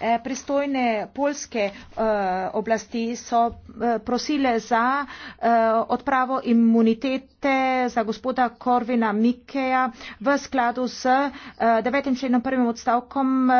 Eh, pristojne polske eh, oblasti so eh, prosile za odpravo imunitete za gospoda Korvina Mikkeja v skladu z 9. členom prvim odstavkom